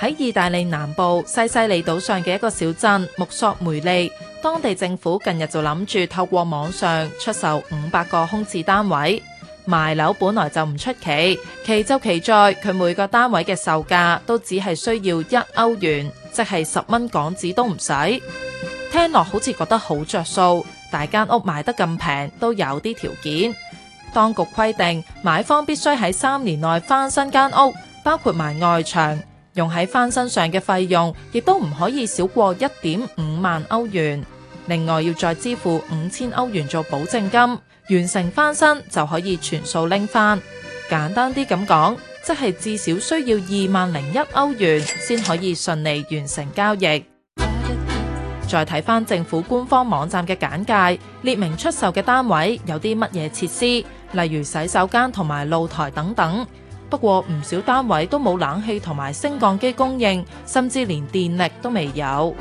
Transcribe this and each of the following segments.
喺意大利南部西西里島上嘅一個小鎮穆索梅利，當地政府近日就諗住透過網上出售五百個空置單位。賣樓本來就唔出奇，奇就奇在佢每個單位嘅售價都只係需要一歐元，即係十蚊港紙都唔使。聽落好似覺得好着數，大間屋賣得咁平都有啲條件。當局規定買方必須喺三年內翻新間屋，包括埋外牆。用喺翻身上嘅費用，亦都唔可以少過一點五萬歐元。另外要再支付五千歐元做保證金，完成翻新就可以全數拎翻。簡單啲咁講，即係至少需要二萬零一歐元先可以順利完成交易。再睇翻政府官方網站嘅簡介，列明出售嘅單位有啲乜嘢設施，例如洗手間同埋露台等等。不過唔少單位都冇冷氣同埋升降機供應，甚至連電力都未有。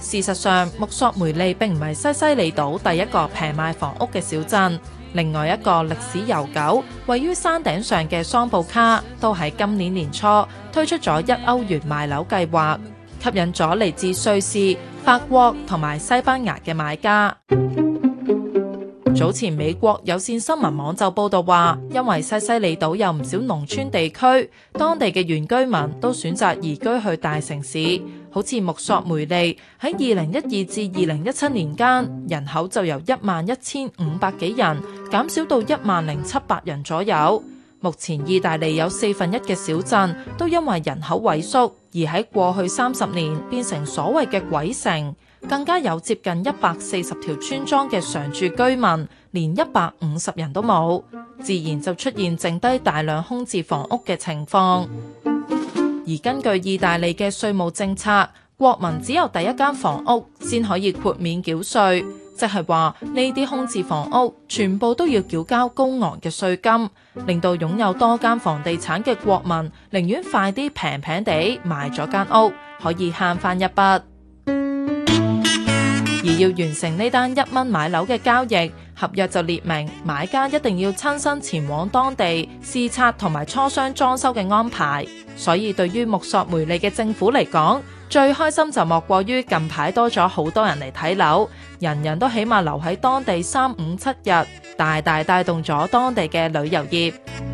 事實上，木索梅利並唔係西西里島第一個平賣房屋嘅小鎮，另外一個歷史悠久、位於山頂上嘅桑布卡，都喺今年年初推出咗一歐元賣樓計劃，吸引咗嚟自瑞士、法國同埋西班牙嘅買家。早前美國有線新聞網就報道話，因為西西里島有唔少農村地區，當地嘅原居民都選擇移居去大城市，好似穆索梅利喺二零一二至二零一七年間，人口就由一萬一千五百幾人減少到一萬零七百人左右。目前意大利有四分一嘅小鎮都因為人口萎縮而喺過去三十年變成所謂嘅鬼城。更加有接近一百四十條村莊嘅常住居民，連一百五十人都冇，自然就出現剩低大量空置房屋嘅情況。而根據意大利嘅稅務政策，國民只有第一間房屋先可以豁免繳稅，即係話呢啲空置房屋全部都要繳交高昂嘅稅金，令到擁有多間房地產嘅國民寧願快啲平平地賣咗間屋，可以慳翻一筆。而要完成呢單一蚊買樓嘅交易，合約就列明買家一定要親身前往當地視察同埋磋商裝修嘅安排。所以對於木索梅利嘅政府嚟講，最開心就莫過於近排多咗好多人嚟睇樓，人人都起碼留喺當地三五七日，大大帶動咗當地嘅旅遊業。